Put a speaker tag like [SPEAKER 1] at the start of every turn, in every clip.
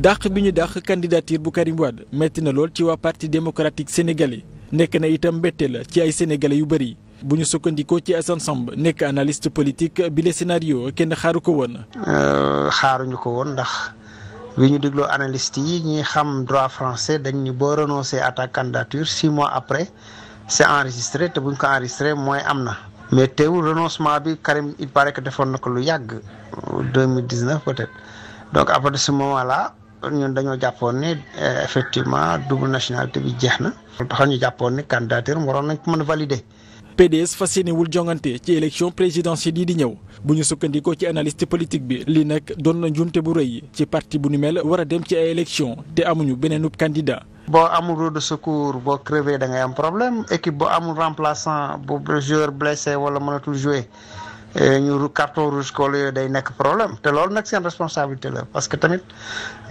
[SPEAKER 1] dàq bi ñu dàq candidature bu Karim Wade metti na lool ci waa parti démocratique sénégalais nekk na itam mbette la ci ay sénégalais yu bëri bu ñu sukkandikoo ci Assane Samb nekk analyste politique bi le scénario kenn xaaru ko woon.
[SPEAKER 2] Euh, xaaruñu ko woon ndax bi ñu dégloo analyste yi ñuy xam droit français dañ boo renoncé attaque ta candidature six mois après c'est enregistré te buñ ko enregistré mooy am na. mais teewul renoncement bi Karim il paraît que defoon na ko lu yàgg. 2019 peut-être donc à kon ñun dañoo jàppoon ne eh, effectivement double nationalité bi jeex na. tax ñu jàppoon
[SPEAKER 1] ne candidature waroon nañ ko mën a valider. PDS fas yéenewul jongante ci élection présidentielle yi di ñëw bu ñu sukkandikoo ci analyste politique bi lii nag doon na njuumte bu rëy ci parti bu ni mel war a dem ci ay élection te amuñu beneenub candidat. boo amul roue de secours boo crevé da ngay
[SPEAKER 2] am problème équipe boo amul remplaçant bu joueur blessé wala mënatul jouer. Eh, ñu carton rouge kool yooyu day nekk problème te loolu nag seen responsabilité la parce que tamit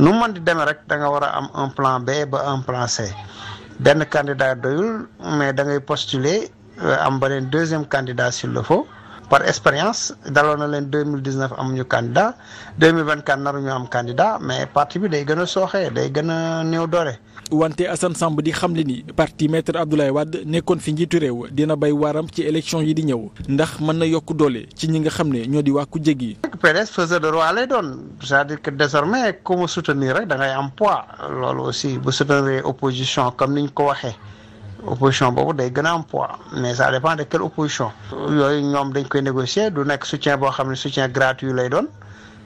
[SPEAKER 2] nu mën di demee rek danga war a am un plan B ba un plan C benn candidat doyul mais da ngay postuler euh, am beneen deuxième candidat s'il le faut par expérience daloon na leen deux mille dix neuf amuñu candidat deux mille vingt quatre am candidat mais parti
[SPEAKER 1] bi day gën a sooxee day gën a néew doole. wante Assane Samb di xamle ni parti maître Abdoulaye Wade nekkoon fi njiitu réew dina bay waram ci élection yi di ñëw ndax mën na yokk doole ci ñi nga xam ne ñoo di wàkku jéggi. PDS faiseur de roi lay doon c'est-à-dire que désormais ku mu
[SPEAKER 2] soutenir rek da ngay am poids loolu aussi bu soutenir opposition comme ni ñu ko waxee. opposition boobu day gën a am poids mais ça dépend de quelle opposition. yooyu ñoom dañ koy négocier du nekk soutien boo xam ne soutien gratuit lay doon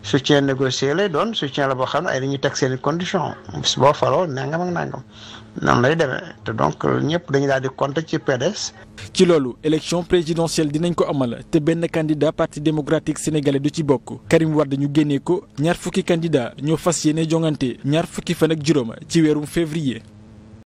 [SPEAKER 2] soutien négocié lay doon soutien la boo xam ne ay dañuy teg seen i conditions bis boo faloo nangam ak nangam noonu lay demee te donc ñëpp dañu
[SPEAKER 1] daal di compter ci PDS. ci loolu élection présidentielle dinañ ko amal te benn candidat parti démocratique sénégalais du ci bokk Karim war ñu génnee ko ñaar fukki candidat ñoo fas yéene jongante ñaar fukki fan ak juróom ci weerum février.